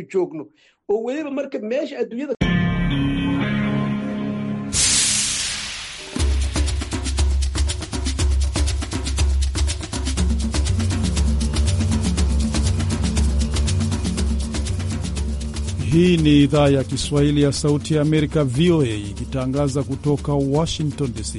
joogno oo weliba marka meesha adduunyada Hii ni idhaa ya Kiswahili ya Sauti ya Amerika, VOA, ikitangaza kutoka Washington DC.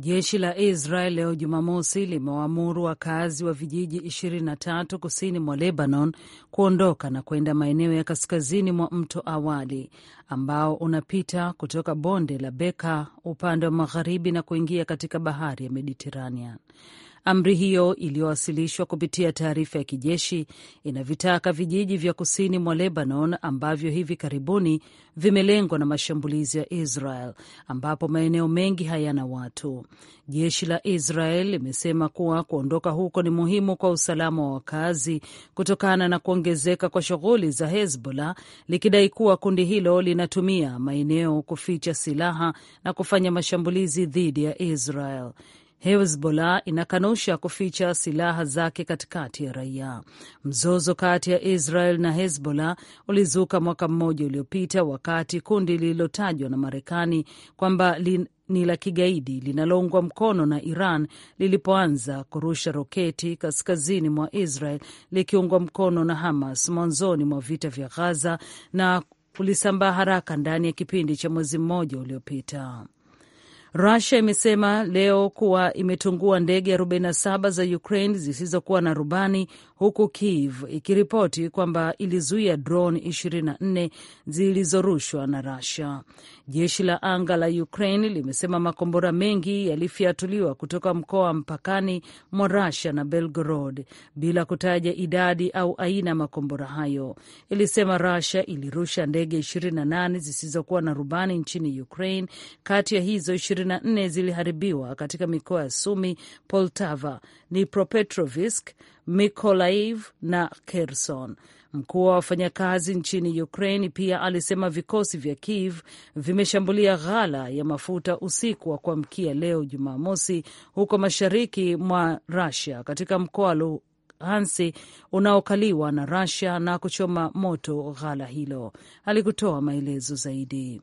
Jeshi la Israel leo Jumamosi limewaamuru wakazi wa vijiji 23 kusini mwa Lebanon kuondoka na kwenda maeneo ya kaskazini mwa mto Awali ambao unapita kutoka bonde la Beka upande wa magharibi na kuingia katika bahari ya Mediterranean. Amri hiyo iliyowasilishwa kupitia taarifa ya kijeshi inavitaka vijiji vya kusini mwa Lebanon ambavyo hivi karibuni vimelengwa na mashambulizi ya Israel, ambapo maeneo mengi hayana watu. Jeshi la Israel limesema kuwa kuondoka huko ni muhimu kwa usalama wa wakazi kutokana na kuongezeka kwa shughuli za Hezbollah, likidai kuwa kundi hilo linatumia maeneo kuficha silaha na kufanya mashambulizi dhidi ya Israel. Hezbollah inakanusha kuficha silaha zake katikati ya raia. Mzozo kati ya Israel na Hezbollah ulizuka mwaka mmoja uliopita wakati kundi lililotajwa na Marekani kwamba ni la kigaidi linaloungwa mkono na Iran lilipoanza kurusha roketi kaskazini mwa Israel likiungwa mkono na Hamas mwanzoni mwa vita vya Gaza na kulisambaa haraka ndani ya kipindi cha mwezi mmoja uliopita. Rusia imesema leo kuwa imetungua ndege 47 za Ukraine zisizokuwa na rubani huku Kiev ikiripoti kwamba ilizuia drone 24 zilizorushwa na Russia. Jeshi la anga la Ukraine limesema makombora mengi yalifyatuliwa kutoka mkoa wa mpakani mwa Russia na Belgorod, bila kutaja idadi au aina ya makombora hayo. Ilisema Russia ilirusha ndege 28 zisizokuwa na rubani nchini Ukraine. Kati ya hizo 24 ziliharibiwa katika mikoa ya Sumi, Poltava, Dnipropetrovsk Mikolaiv na Kherson. Mkuu wa wafanyakazi nchini Ukraine pia alisema vikosi vya Kiev vimeshambulia ghala ya mafuta usiku wa kuamkia leo Jumamosi huko mashariki mwa Rusia katika mkoa wa Luhansi unaokaliwa na Russia na kuchoma moto ghala hilo. Alikutoa maelezo zaidi.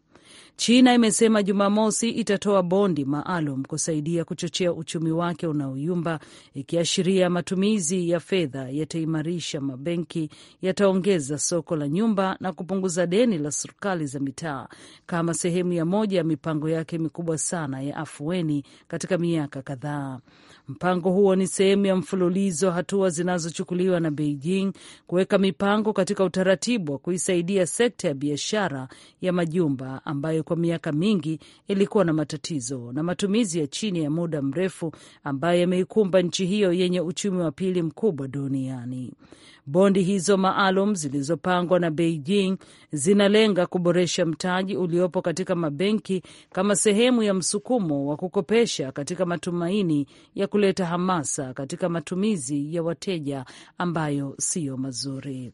China imesema Jumamosi itatoa bondi maalum kusaidia kuchochea uchumi wake unaoyumba, ikiashiria matumizi ya fedha yataimarisha mabenki, yataongeza soko la nyumba na kupunguza deni la serikali za mitaa, kama sehemu ya moja ya mipango yake mikubwa sana ya afueni katika miaka kadhaa. Mpango huo ni sehemu ya mfululizo hatua zinazochukuliwa na Beijing kuweka mipango katika utaratibu wa kuisaidia sekta ya biashara ya majumba ambayo kwa miaka mingi ilikuwa na matatizo na matumizi ya chini ya muda mrefu ambayo yameikumba nchi hiyo yenye uchumi wa pili mkubwa duniani. Bondi hizo maalum zilizopangwa na Beijing zinalenga kuboresha mtaji uliopo katika mabenki kama sehemu ya msukumo wa kukopesha katika matumaini ya kuleta hamasa katika matumizi ya wateja ambayo siyo mazuri.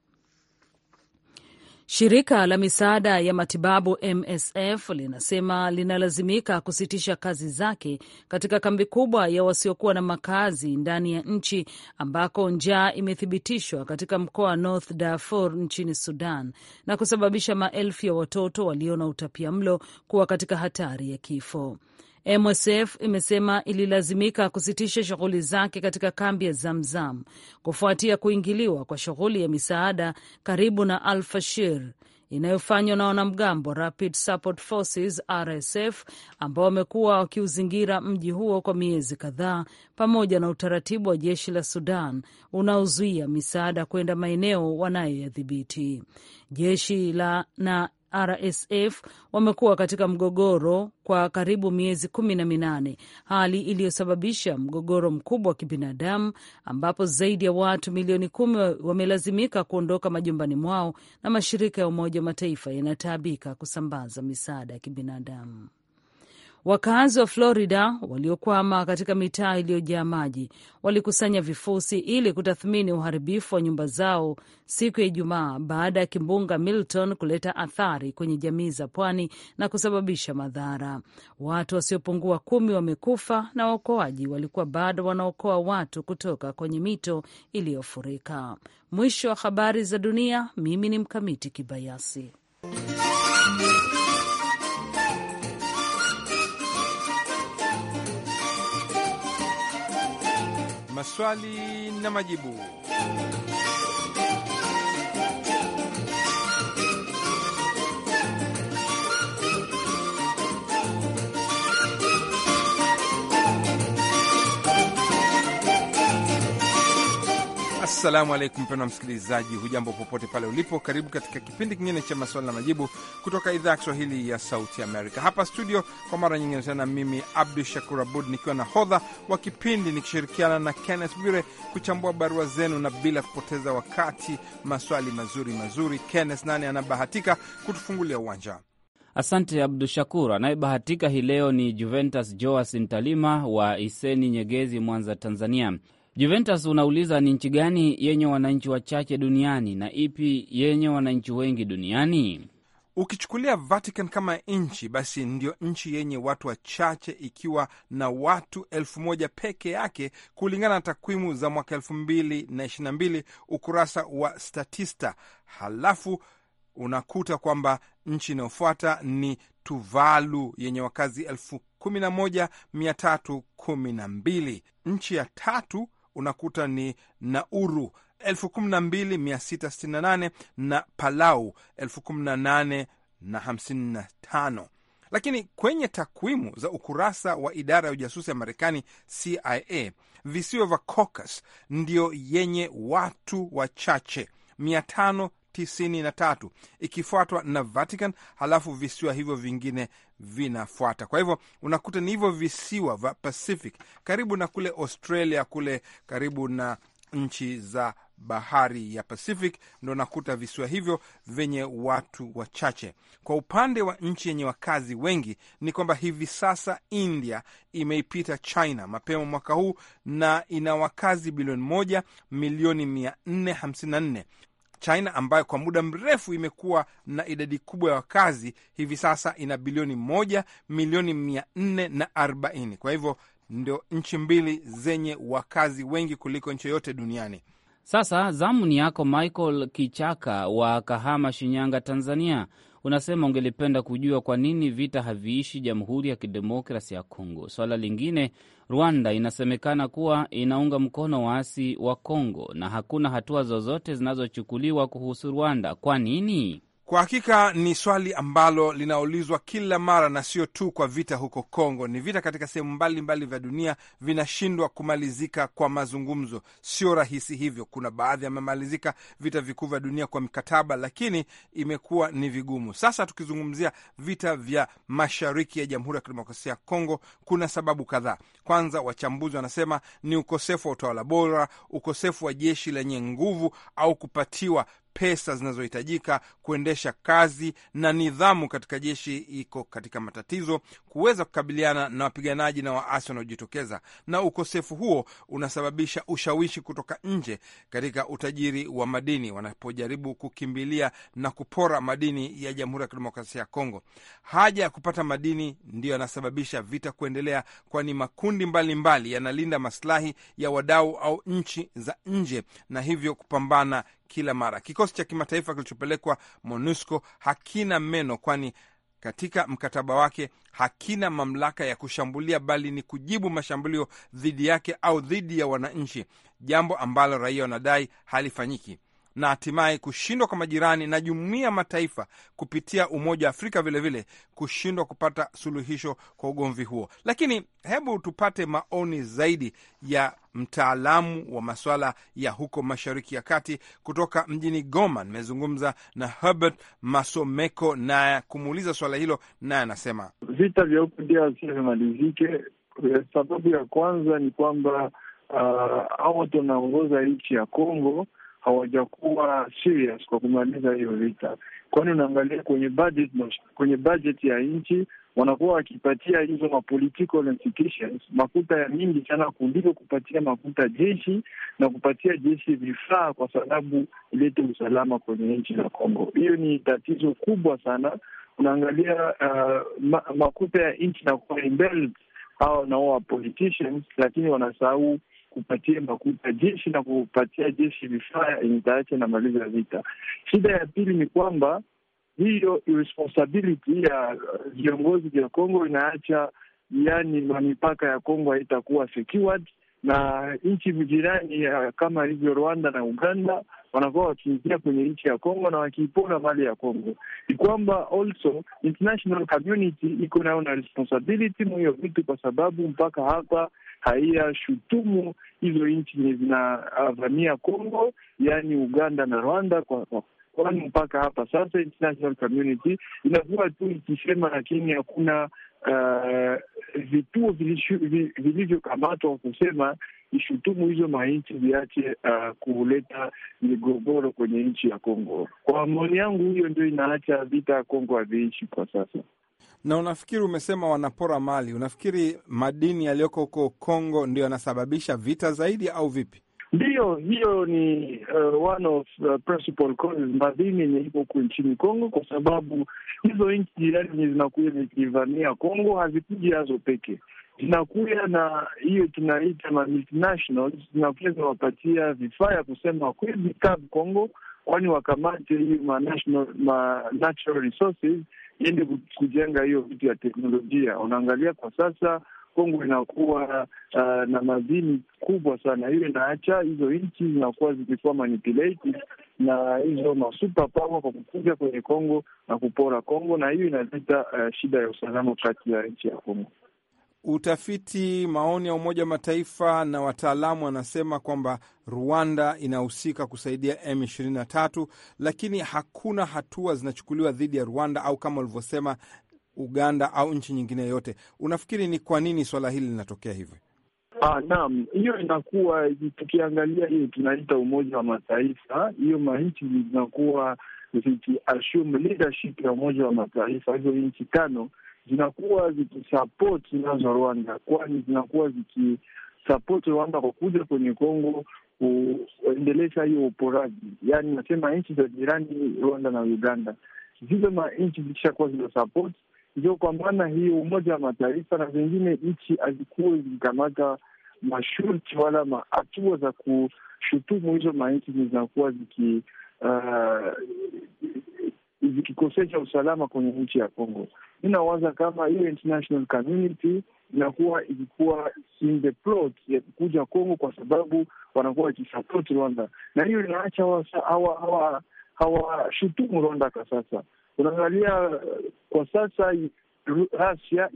Shirika la misaada ya matibabu MSF linasema linalazimika kusitisha kazi zake katika kambi kubwa ya wasiokuwa na makazi ndani ya nchi ambako njaa imethibitishwa katika mkoa wa North Darfur nchini Sudan na kusababisha maelfu ya watoto walio na utapia mlo kuwa katika hatari ya kifo. MSF imesema ililazimika kusitisha shughuli zake katika kambi ya Zamzam kufuatia kuingiliwa kwa shughuli ya misaada karibu na Al-Fashir inayofanywa na wanamgambo Rapid Support Forces RSF ambao wamekuwa wakiuzingira mji huo kwa miezi kadhaa, pamoja na utaratibu wa jeshi la Sudan unaozuia misaada kwenda maeneo wanayoyadhibiti. Jeshi la na RSF wamekuwa katika mgogoro kwa karibu miezi kumi na minane, hali iliyosababisha mgogoro mkubwa wa kibinadamu ambapo zaidi ya watu milioni kumi wamelazimika kuondoka majumbani mwao na mashirika ya Umoja wa Mataifa yanataabika kusambaza misaada ya kibinadamu. Wakazi wa Florida waliokwama katika mitaa iliyojaa maji walikusanya vifusi ili kutathmini uharibifu wa nyumba zao siku ya Ijumaa baada ya kimbunga Milton kuleta athari kwenye jamii za pwani na kusababisha madhara. Watu wasiopungua kumi wamekufa na waokoaji walikuwa bado wanaokoa watu kutoka kwenye mito iliyofurika. Mwisho wa habari za dunia. Mimi ni Mkamiti Kibayasi. maswali na majibu. Assalamu alaikum wa msikilizaji, hujambo popote pale ulipo, karibu katika kipindi kingine cha maswali na majibu kutoka idhaa ya Kiswahili ya Sauti Amerika hapa studio, kwa mara nyingine tena, mimi Abdu Shakur Abud nikiwa na hodha wa kipindi nikishirikiana na Kenneth Bwire kuchambua barua zenu, na bila kupoteza wakati, maswali mazuri mazuri. Kenneth, nani anabahatika kutufungulia uwanja? Asante Abdu Shakur. Anayebahatika hii leo ni Juventus Joas Ntalima wa Iseni Nyegezi, Mwanza, Tanzania. Juventus unauliza ni nchi gani yenye wananchi wachache duniani na ipi yenye wananchi wengi duniani? Ukichukulia Vatican kama nchi, basi ndio nchi yenye watu wachache, ikiwa na watu elfu moja peke yake, kulingana na takwimu za mwaka elfu mbili na ishirini na mbili ukurasa wa Statista. Halafu unakuta kwamba nchi inayofuata ni Tuvalu yenye wakazi elfu kumi na moja mia tatu kumi na mbili. Nchi ya tatu unakuta ni Nauru 12668 na Palau 18855 lakini kwenye takwimu za ukurasa wa idara ya ujasusi ya Marekani, CIA, visiwa vya Cocos ndio yenye watu wachache 93 ikifuatwa na Vatican, halafu visiwa hivyo vingine vinafuata. Kwa hivyo unakuta ni hivyo visiwa vya Pacific karibu na kule Australia, kule karibu na nchi za bahari ya Pacific ndo nakuta visiwa hivyo vyenye watu wachache. Kwa upande wa nchi yenye wakazi wengi ni kwamba hivi sasa India imeipita China mapema mwaka huu na ina wakazi bilioni moja milioni mia nne hamsini na nne China ambayo kwa muda mrefu imekuwa na idadi kubwa ya wakazi, hivi sasa ina bilioni moja milioni mia nne na arobaini. Kwa hivyo ndio nchi mbili zenye wakazi wengi kuliko nchi yoyote duniani. Sasa zamu ni yako Michael Kichaka wa Kahama, Shinyanga, Tanzania unasema ungelipenda kujua kwa nini vita haviishi Jamhuri ya Kidemokrasi ya Kongo. Swala lingine, Rwanda inasemekana kuwa inaunga mkono waasi wa Kongo na hakuna hatua zozote zinazochukuliwa kuhusu Rwanda. Kwa nini? Kwa hakika ni swali ambalo linaulizwa kila mara, na sio tu kwa vita huko Kongo. Ni vita katika sehemu mbalimbali vya dunia vinashindwa kumalizika kwa mazungumzo, sio rahisi hivyo. Kuna baadhi yamemalizika, vita vikuu vya dunia kwa mkataba, lakini imekuwa ni vigumu. Sasa tukizungumzia vita vya mashariki ya Jamhuri ya Kidemokrasia ya Kongo, kuna sababu kadhaa. Kwanza, wachambuzi wanasema ni ukosefu wa utawala bora, ukosefu wa jeshi lenye nguvu au kupatiwa pesa zinazohitajika kuendesha kazi na nidhamu katika jeshi iko katika matatizo kuweza kukabiliana na wapiganaji na waasi wanaojitokeza, na ukosefu huo unasababisha ushawishi kutoka nje katika utajiri wa madini wanapojaribu kukimbilia na kupora madini ya Jamhuri ya Kidemokrasia ya Kongo. Haja ya kupata madini ndiyo yanasababisha vita kuendelea, kwani makundi mbalimbali yanalinda masilahi ya wadau au nchi za nje na hivyo kupambana kila mara. Kikosi cha kimataifa kilichopelekwa MONUSCO hakina meno, kwani katika mkataba wake hakina mamlaka ya kushambulia, bali ni kujibu mashambulio dhidi yake au dhidi ya wananchi, jambo ambalo raia wanadai halifanyiki na hatimaye kushindwa kwa majirani na jumuiya mataifa kupitia Umoja wa Afrika vilevile kushindwa kupata suluhisho kwa ugomvi huo. Lakini hebu tupate maoni zaidi ya mtaalamu wa maswala ya huko Mashariki ya Kati kutoka mjini Goma. Nimezungumza na Herbert Masomeko na kumuuliza swala hilo, naye anasema vita vya huko ndio vimalizike. Eh, sababu ya kwanza ni kwamba au ah, watu wanaongoza nchi ya Congo hawajakuwa serious kwa kumaliza hiyo vita, kwani unaangalia kwenye budget, kwenye budget ya nchi wanakuwa wakipatia hizo mapolitical institutions makuta ya mingi sana kuliko kupatia makuta jeshi na kupatia jeshi vifaa, kwa sababu ilete usalama kwenye nchi la Kongo. Hiyo ni tatizo kubwa sana. Unaangalia uh, ma, makuta ya nchi na embeled au nao wa politicians, lakini wanasahau kupatia makuta jeshi na kupatia jeshi vifaa initaache na maliza vita. Shida ya pili ni kwamba hiyo irresponsibility ya uh, viongozi vya Kongo inaacha yani mipaka ya Kongo haitakuwa secured na nchi jirani kama ilivyo Rwanda na Uganda wanakuwa wakiingia kwenye nchi ya Kongo na wakiipona mali ya Kongo. Ni kwamba also international community iko nayo na responsibility mwiyo vitu, kwa sababu mpaka hapa haiya shutumu hizo nchi zinavamia uh, Kongo, yaani Uganda na Rwanda kwa, kwa kwani mpaka hapa sasa international community inakuwa tu ikisema, lakini hakuna uh, vituo vilivyokamatwa kusema ishutumu hizo manchi ziache uh, kuleta migogoro kwenye nchi ya Kongo. Kwa maoni yangu, hiyo ndio inaacha vita ya Kongo haviishi kwa sasa. Na unafikiri, umesema wanapora mali, unafikiri madini yaliyoko huko Kongo ndio yanasababisha vita zaidi au vipi? Ndiyo, hiyo ni uh, one of uh, principal causes madhini yenye iko ku nchini Kongo, kwa sababu hizo nchi jirani enye zinakuja zikivamia Kongo hazikuji hazo peke, zinakuja na hiyo tunaita ma multinationals, zinakuja zinawapatia vifaa ya kusema kwezi kazi Kongo, kwani wakamate hiyo ma national ma natural resources kujenga hiyo vitu ya teknolojia. Unaangalia kwa sasa Kongo inakuwa uh, na madini kubwa sana. Hiyo inaacha hizo nchi zinakuwa zikikuwa manipulated na hizo masupa pawa kwa kukuja kwenye Kongo na kupora Kongo, na hiyo inaleta uh, shida ya usalama kati ya nchi ya Kongo. Utafiti maoni ya Umoja wa Mataifa na wataalamu wanasema kwamba Rwanda inahusika kusaidia M23, lakini hakuna hatua zinachukuliwa dhidi ya Rwanda au kama walivyosema Uganda au nchi nyingine yote. Unafikiri ni kwa nini swala hili linatokea hivyo? Ah, naam, hiyo inakuwa tukiangalia, hiyo tunaita Umoja wa Mataifa, hiyo manchi zinakuwa zikiassume leadership ya Umoja wa Mataifa, hizo nchi tano zinakuwa zikisupport nazo Rwanda, kwani zinakuwa zikisupport Rwanda kwa kuja kwenye Kongo kuendelesha hiyo uporaji. yani nasema nchi za jirani Rwanda na Uganda, zizo manchi zikishakuwa zina ndio kwa maana hiyo Umoja wa Mataifa na zengine nchi hazikuwa zikikamata masharti wala mahatua za kushutumu hizo manchi zinakuwa ziki uh, zikikosesha usalama kwenye nchi ya Congo. Ninawaza kama hiyo international community inakuwa ilikuwa in the plot ya kuja Congo kwa sababu wanakuwa wakisapoti Rwanda, na hiyo inaacha hawashutumu hawa, hawa Rwanda kwa sasa unaangalia eh, kwa sasa Russia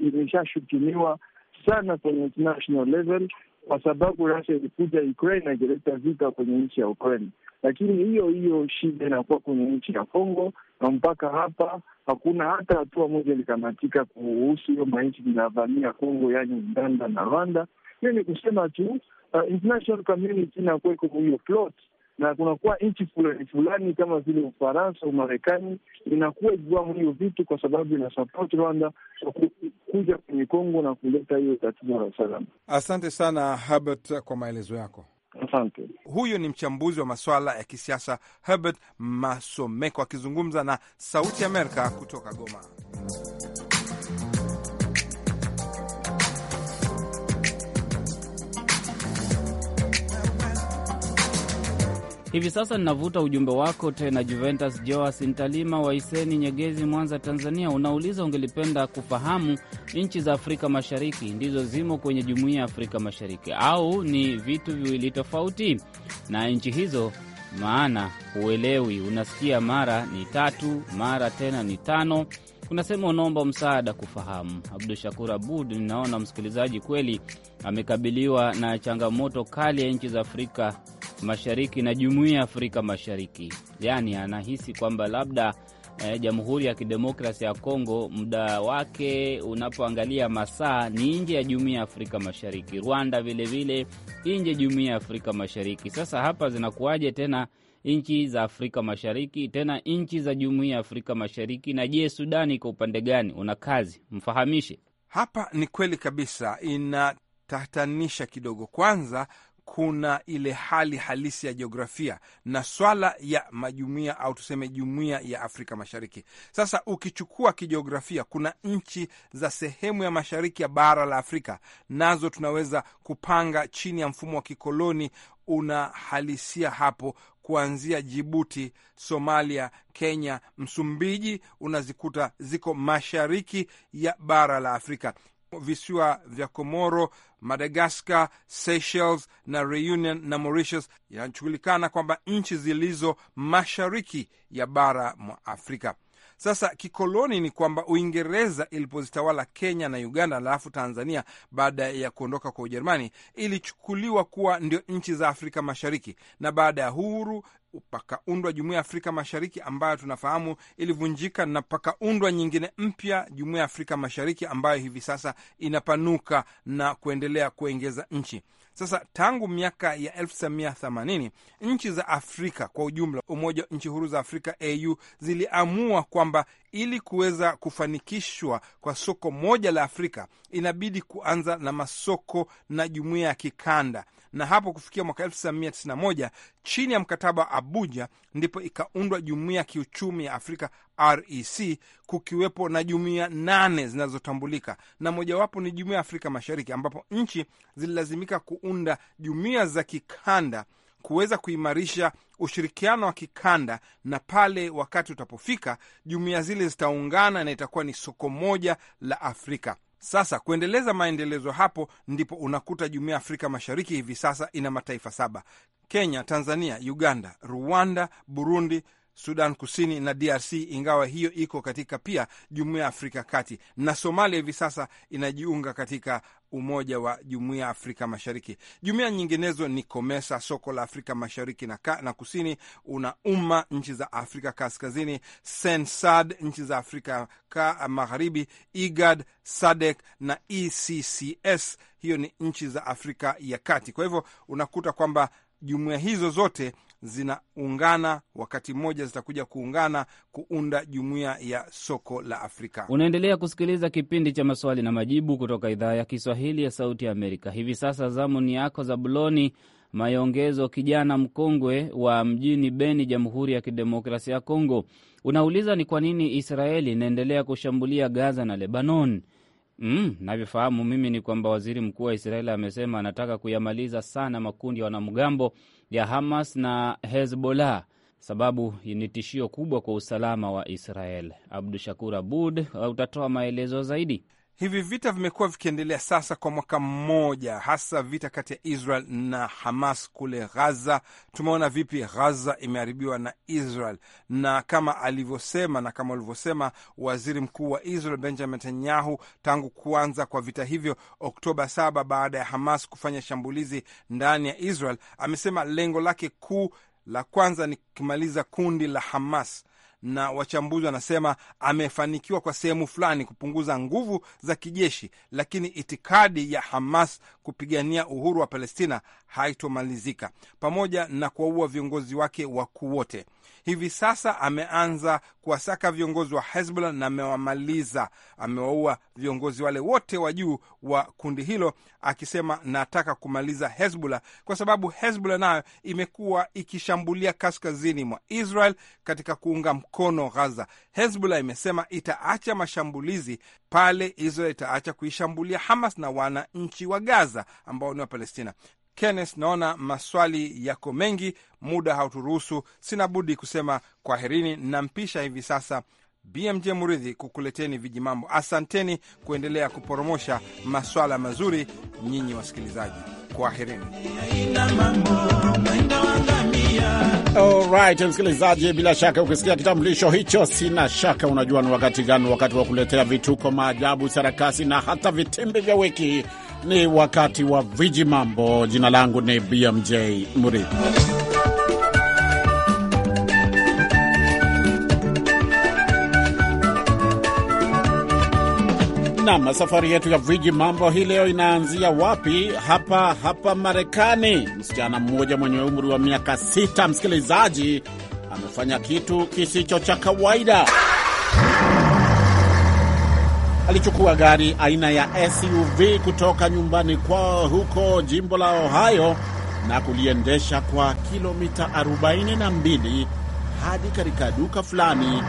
imeshashutumiwa sana kwenye international level kwa sababu Russia ilikuja Ukraine na ikileta vita kwenye nchi ya Ukraine, lakini hiyo hiyo shida inakuwa kwenye nchi ya congo na mpaka hapa hakuna hata hatua moja ilikamatika kuhusu hiyo manchi inavamia congo yaani Uganda na Rwanda. Hiyo ni kusema tu uh, international community inakuwa iko hiyo plot na kunakuwa nchi fulani fulani kama vile Ufaransa, Umarekani inakuwa ikiwamu hiyo vitu kwa sababu inasapoti Rwanda kwa kuja kwenye Kongo na kuleta hiyo tatizo la usalama. Asante sana Herbert kwa maelezo yako. Asante. huyo ni mchambuzi wa masuala ya kisiasa Herbert Masomeko akizungumza na Sauti Amerika kutoka Goma. Hivi sasa ninavuta ujumbe wako tena. Juventus Joas Ntalima wa Iseni, Nyegezi, Mwanza, Tanzania, unauliza ungelipenda kufahamu nchi za Afrika Mashariki ndizo zimo kwenye Jumuiya ya Afrika Mashariki au ni vitu viwili tofauti, na nchi hizo maana huelewi, unasikia mara ni tatu, mara tena ni tano. Unasema unaomba msaada kufahamu. Abdu Shakur Abud, ninaona msikilizaji kweli amekabiliwa na changamoto kali ya nchi za Afrika Mashariki na Jumuiya ya Afrika Mashariki. Yaani anahisi kwamba labda eh, Jamhuri ya Kidemokrasia ya Kongo muda wake unapoangalia masaa ni nje ya Jumuiya ya Afrika Mashariki, Rwanda vilevile nje Jumuiya ya Afrika Mashariki. Sasa hapa zinakuwaje tena nchi za Afrika Mashariki tena nchi za Jumuiya ya Afrika Mashariki? Na je, Sudani kwa upande gani? Una kazi mfahamishe hapa. Ni kweli kabisa, inatatanisha kidogo. Kwanza kuna ile hali halisi ya jiografia na swala ya majumuia au tuseme jumuia ya Afrika Mashariki. Sasa ukichukua kijiografia, kuna nchi za sehemu ya mashariki ya bara la Afrika, nazo tunaweza kupanga chini ya mfumo wa kikoloni unahalisia hapo kuanzia Jibuti, Somalia, Kenya, Msumbiji unazikuta ziko mashariki ya bara la Afrika. Visiwa vya Komoro, Madagaskar, Seychelles na Reunion na Mauritius yanachukulikana kwamba nchi zilizo mashariki ya bara mwa Afrika. Sasa kikoloni ni kwamba Uingereza ilipozitawala Kenya na Uganda, alafu Tanzania baada ya kuondoka kwa Ujerumani, ilichukuliwa kuwa ndio nchi za Afrika Mashariki, na baada ya uhuru pakaundwa jumuiya ya Afrika Mashariki ambayo tunafahamu ilivunjika na pakaundwa nyingine mpya, jumuiya ya Afrika Mashariki ambayo hivi sasa inapanuka na kuendelea kuengeza nchi. Sasa tangu miaka ya 1980 nchi za Afrika kwa ujumla, umoja wa nchi huru za Afrika AU ziliamua kwamba ili kuweza kufanikishwa kwa soko moja la Afrika inabidi kuanza na masoko na jumuiya ya kikanda na hapo kufikia mwaka 1991 chini ya mkataba wa Abuja ndipo ikaundwa Jumuiya ya Kiuchumi ya Afrika REC, kukiwepo na jumuiya nane zinazotambulika na mojawapo ni Jumuiya ya Afrika Mashariki, ambapo nchi zililazimika kuunda jumuiya za kikanda kuweza kuimarisha ushirikiano wa kikanda, na pale wakati utapofika jumuiya zile zitaungana na itakuwa ni soko moja la Afrika. Sasa kuendeleza maendelezo hapo, ndipo unakuta jumuiya ya Afrika Mashariki hivi sasa ina mataifa saba: Kenya, Tanzania, Uganda, Rwanda, Burundi, Sudan Kusini na DRC, ingawa hiyo iko katika pia Jumuiya ya Afrika Kati, na Somalia hivi sasa inajiunga katika umoja wa Jumuiya ya Afrika Mashariki. Jumuiya nyinginezo ni COMESA, soko la Afrika Mashariki na, ka, na Kusini, una umma nchi za Afrika Kaskazini, SENSAD nchi za Afrika ka, Magharibi, IGAD, SADC e na ECCS, hiyo ni nchi za Afrika ya Kati. Kwa hivyo unakuta kwamba jumuiya hizo zote zinaungana, wakati mmoja zitakuja kuungana kuunda jumuiya ya soko la Afrika. Unaendelea kusikiliza kipindi cha maswali na majibu kutoka idhaa ya Kiswahili ya Sauti ya Amerika. Hivi sasa zamu ni yako Zabuloni Mayongezo, kijana mkongwe wa mjini Beni, Jamhuri ya Kidemokrasia ya Kongo. Unauliza ni kwa nini Israeli inaendelea kushambulia Gaza na Lebanon. Mm, navyofahamu mimi ni kwamba waziri mkuu wa Israeli amesema anataka kuyamaliza sana makundi ya wanamgambo ya Hamas na Hezbollah, sababu ni tishio kubwa kwa usalama wa Israel. Abdu Shakur Abud utatoa maelezo zaidi. Hivi vita vimekuwa vikiendelea sasa kwa mwaka mmoja, hasa vita kati ya Israel na Hamas kule Ghaza. Tumeona vipi Ghaza imeharibiwa na Israel, na kama alivyosema na kama ulivyosema waziri mkuu wa Israel Benjamin Netanyahu, tangu kuanza kwa vita hivyo Oktoba saba, baada ya Hamas kufanya shambulizi ndani ya Israel, amesema lengo lake kuu la kwanza ni kumaliza kundi la Hamas na wachambuzi wanasema amefanikiwa kwa sehemu fulani kupunguza nguvu za kijeshi, lakini itikadi ya Hamas kupigania uhuru wa Palestina haitomalizika pamoja na kuwaua viongozi wake wakuu wote hivi sasa ameanza kuwasaka viongozi wa Hezbollah na amewamaliza, amewaua viongozi wale wote wa juu wa kundi hilo, akisema nataka kumaliza Hezbollah kwa sababu Hezbollah nayo imekuwa ikishambulia kaskazini mwa Israel katika kuunga mkono Gaza. Hezbollah imesema itaacha mashambulizi pale Israel itaacha kuishambulia Hamas na wananchi wa Gaza ambao ni Wapalestina. Kenneth, naona maswali yako mengi, muda hauturuhusu, sina budi kusema kwaherini. Nampisha hivi sasa BMJ Muridhi kukuleteni vijimambo. Asanteni kuendelea kuporomosha maswala mazuri, nyinyi wasikilizaji, kwaherini. Alright, msikilizaji, bila shaka ukisikia kitambulisho hicho, sina shaka unajua ni wakati gani, wakati wa kuletea vituko, maajabu, sarakasi na hata vitimbi vya wiki ni wakati wa viji mambo. Jina langu ni BMJ Murithi. Nam, safari yetu ya viji mambo hii leo inaanzia wapi? Hapa hapa Marekani. Msichana mmoja mwenye umri wa miaka sita, msikilizaji, amefanya kitu kisicho cha kawaida alichukua gari aina ya SUV kutoka nyumbani kwao huko jimbo la Ohio na kuliendesha kwa kilomita 42 hadi katika duka fulani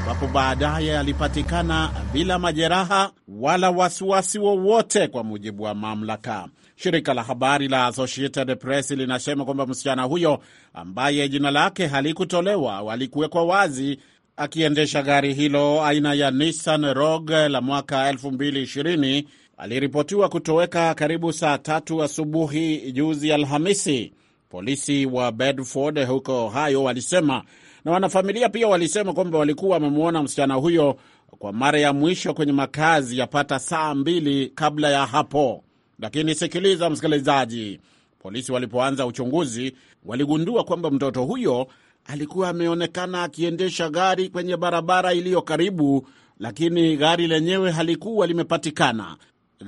ambapo baadaye alipatikana bila majeraha wala wasiwasi wowote, kwa mujibu wa mamlaka. Shirika la habari la Associated Press linasema kwamba msichana huyo ambaye jina lake halikutolewa, walikuwekwa wazi akiendesha gari hilo aina ya Nissan Rogue la mwaka 2020 aliripotiwa kutoweka karibu saa tatu asubuhi juzi Alhamisi. Polisi wa Bedford huko Ohio walisema, na wanafamilia pia walisema kwamba walikuwa wamemwona msichana huyo kwa mara ya mwisho kwenye makazi yapata saa mbili kabla ya hapo. Lakini sikiliza msikilizaji, polisi walipoanza uchunguzi waligundua kwamba mtoto huyo alikuwa ameonekana akiendesha gari kwenye barabara iliyo karibu, lakini gari lenyewe halikuwa limepatikana.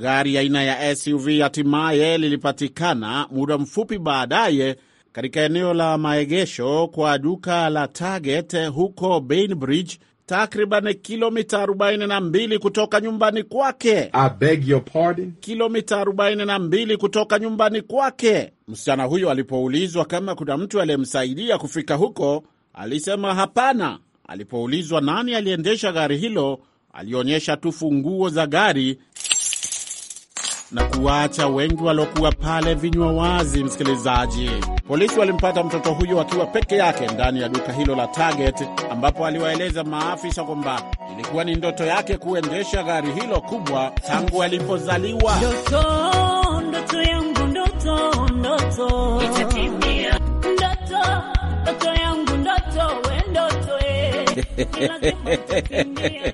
Gari aina ya SUV hatimaye lilipatikana muda mfupi baadaye katika eneo la maegesho kwa duka la Target huko Bainbridge, takriban kilomita 42 kutoka nyumbani kwake. I beg your pardon? Kilomita 42 kutoka nyumbani kwake. Msichana huyo alipoulizwa kama kuna mtu aliyemsaidia kufika huko, alisema hapana. Alipoulizwa nani aliendesha gari hilo, alionyesha tu funguo za gari na kuwaacha wengi waliokuwa pale vinywa wazi. Msikilizaji, polisi walimpata mtoto huyo akiwa peke yake ndani ya duka hilo la Target, ambapo aliwaeleza maafisa kwamba ilikuwa ni ndoto yake kuendesha gari hilo kubwa tangu alipozaliwa. Ndoto, ndoto yangu, ndoto, ndoto. ndoto yangu, ndoto, we ndoto, eh.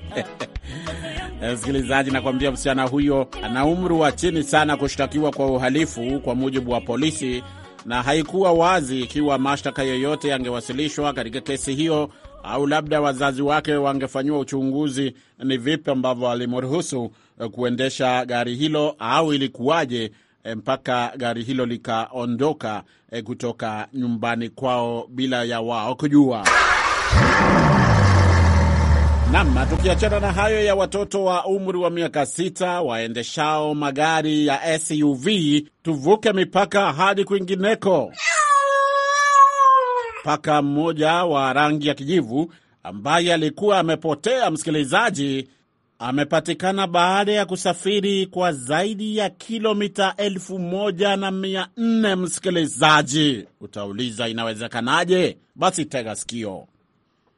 msikilizaji, nakwambia msichana huyo ana umri wa chini sana kushtakiwa kwa uhalifu kwa mujibu wa polisi, na haikuwa wazi ikiwa mashtaka yoyote yangewasilishwa katika kesi hiyo au labda wazazi wake wangefanyiwa uchunguzi ni vipi ambavyo alimruhusu eh, kuendesha gari hilo au ilikuwaje eh, mpaka gari hilo likaondoka eh, kutoka nyumbani kwao bila ya wao kujua. Nam, tukiachana na hayo ya watoto wa umri wa miaka sita waendeshao magari ya SUV, tuvuke mipaka hadi kwingineko. Paka mmoja wa rangi ya kijivu ambaye alikuwa amepotea, msikilizaji, amepatikana baada ya kusafiri kwa zaidi ya kilomita elfu moja na mia nne. Msikilizaji, utauliza inawezekanaje? Basi tega sikio.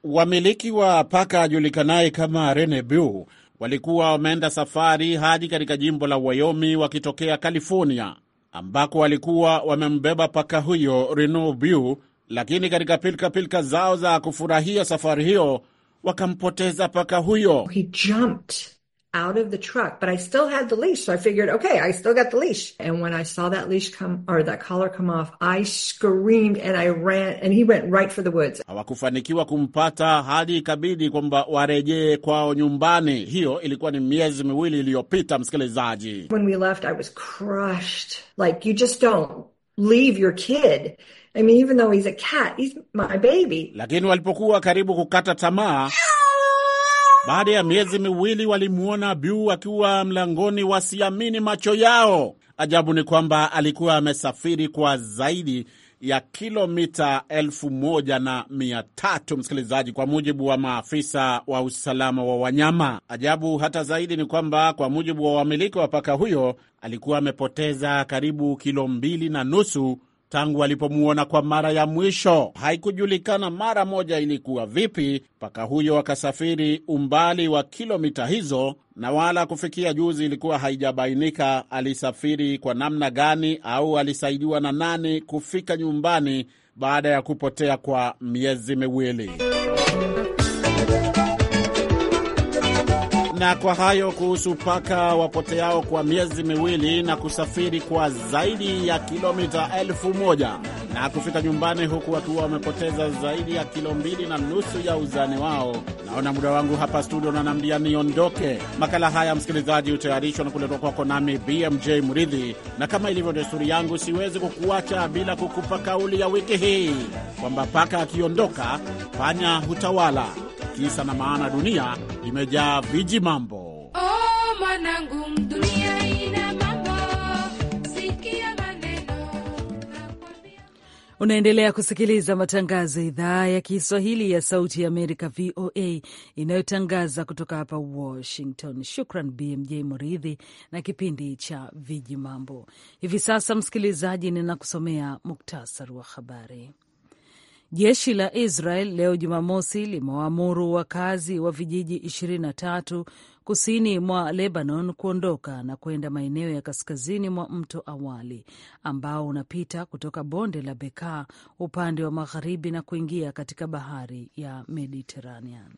Wamiliki wa paka ajulikanaye kama Renebu walikuwa wameenda safari hadi katika jimbo la Wyoming wakitokea California, ambako walikuwa wamembeba paka huyo Bu, lakini katika pilkapilka zao za kufurahia safari hiyo wakampoteza paka huyo. He jumped out of the truck, but I still had the leash. So I figured, okay, I still got the leash. And when I saw that leash come or that collar come off, I screamed and I ran and he went right for the woods. Hawakufanikiwa kumpata hadi ikabidi kwamba warejee kwao nyumbani. Hiyo ilikuwa ni miezi miwili iliyopita, msikilizaji. When we left, I was crushed. Like you just don't leave your kid. I mean, even though he's a cat, he's my baby. Lakini walipokuwa karibu kukata tamaa Baada ya miezi miwili walimwona Biu akiwa mlangoni, wasiamini macho yao. Ajabu ni kwamba alikuwa amesafiri kwa zaidi ya kilomita elfu moja na mia tatu msikilizaji, kwa mujibu wa maafisa wa usalama wa wanyama. Ajabu hata zaidi ni kwamba kwa mujibu wa wamiliki wa paka huyo alikuwa amepoteza karibu kilo mbili na nusu tangu alipomuona kwa mara ya mwisho. Haikujulikana mara moja ilikuwa vipi mpaka huyo akasafiri umbali wa kilomita hizo, na wala kufikia juzi ilikuwa haijabainika alisafiri kwa namna gani au alisaidiwa na nani kufika nyumbani baada ya kupotea kwa miezi miwili. Na kwa hayo kuhusu paka wapoteao kwa miezi miwili na kusafiri kwa zaidi ya kilomita elfu moja na kufika nyumbani huku wakiwa wamepoteza zaidi ya kilo mbili na nusu ya uzani wao. Naona muda wangu hapa studio na niondoke. Makala haya, msikilizaji, hutayarishwa na kuletwa kwako nami BMJ Mridhi, na kama ilivyo desturi yangu, siwezi kukuacha bila kukupa kauli ya wiki hii kwamba paka akiondoka, panya hutawala kisa na maana, dunia imejaa viji mambo. Unaendelea kusikiliza matangazo ya idhaa ya Kiswahili ya Sauti ya Amerika, VOA, inayotangaza kutoka hapa Washington. Shukran BMJ Muridhi na kipindi cha viji mambo. Hivi sasa, msikilizaji, ninakusomea muktasari wa habari. Jeshi la Israel leo Jumamosi limewaamuru wakazi wa vijiji 23 kusini mwa Lebanon kuondoka na kwenda maeneo ya kaskazini mwa mto Awali ambao unapita kutoka bonde la Bekaa upande wa magharibi na kuingia katika bahari ya Mediteranean.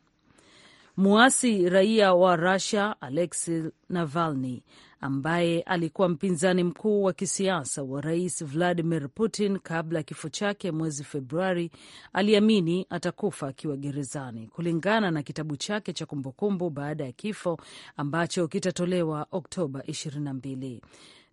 Muasi raia wa Rusia Alexei Navalny ambaye alikuwa mpinzani mkuu wa kisiasa wa rais Vladimir Putin kabla ya kifo chake mwezi Februari, aliamini atakufa akiwa gerezani, kulingana na kitabu chake cha kumbukumbu baada ya kifo ambacho kitatolewa Oktoba 22.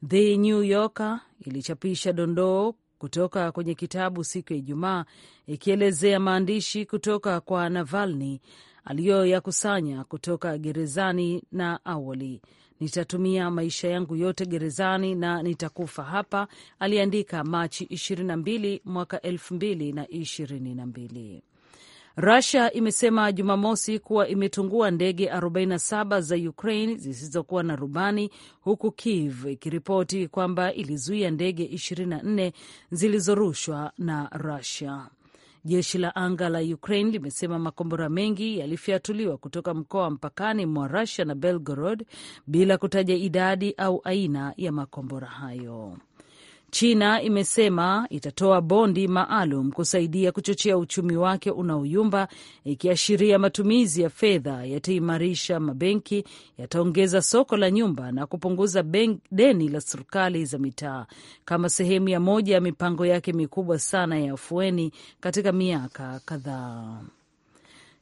The New Yorker ilichapisha dondoo kutoka kwenye kitabu siku ya Ijumaa, ikielezea maandishi kutoka kwa Navalny aliyoyakusanya kutoka gerezani na awali. Nitatumia maisha yangu yote gerezani na nitakufa hapa, aliandika Machi 22 mwaka 2022. Rusia imesema Jumamosi kuwa imetungua ndege 47 za Ukraine zisizokuwa na rubani, huku Kiev ikiripoti kwamba ilizuia ndege 24 zilizorushwa na Rusia. Jeshi la anga la Ukraine limesema makombora mengi yalifyatuliwa kutoka mkoa wa mpakani mwa Rusia na Belgorod bila kutaja idadi au aina ya makombora hayo. China imesema itatoa bondi maalum kusaidia kuchochea uchumi wake unaoyumba, ikiashiria matumizi ya fedha yataimarisha mabenki, yataongeza soko la nyumba na kupunguza ben, deni la serikali za mitaa kama sehemu ya moja ya mipango yake mikubwa sana ya afueni katika miaka kadhaa.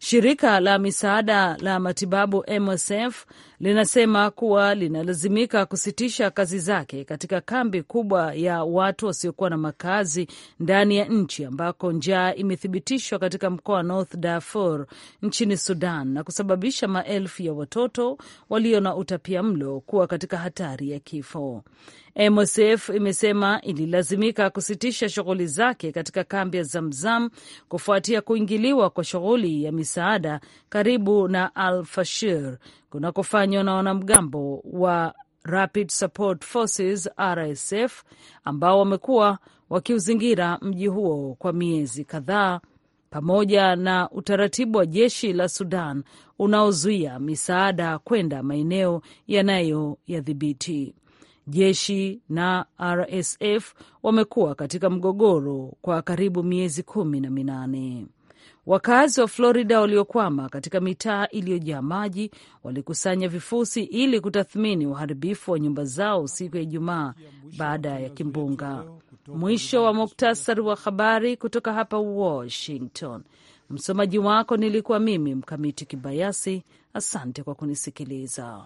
Shirika la misaada la matibabu MSF linasema kuwa linalazimika kusitisha kazi zake katika kambi kubwa ya watu wasiokuwa na makazi ndani ya nchi ambako njaa imethibitishwa katika mkoa wa North Darfur nchini Sudan na kusababisha maelfu ya watoto walio na utapia mlo kuwa katika hatari ya kifo. MSF imesema ililazimika kusitisha shughuli zake katika kambi ya Zamzam kufuatia kuingiliwa kwa shughuli ya misaada karibu na Al Fashir kunakofanywa na wanamgambo wa Rapid Support Forces RSF ambao wamekuwa wakiuzingira mji huo kwa miezi kadhaa pamoja na utaratibu wa jeshi la Sudan unaozuia misaada kwenda maeneo yanayoyadhibiti. Jeshi na RSF wamekuwa katika mgogoro kwa karibu miezi kumi na minane. Wakazi wa Florida waliokwama katika mitaa iliyojaa maji walikusanya vifusi ili kutathmini uharibifu wa nyumba zao siku ya Ijumaa baada ya kimbunga. Mwisho wa muktasari wa habari kutoka hapa Washington. Msomaji wako nilikuwa mimi Mkamiti Kibayasi. Asante kwa kunisikiliza.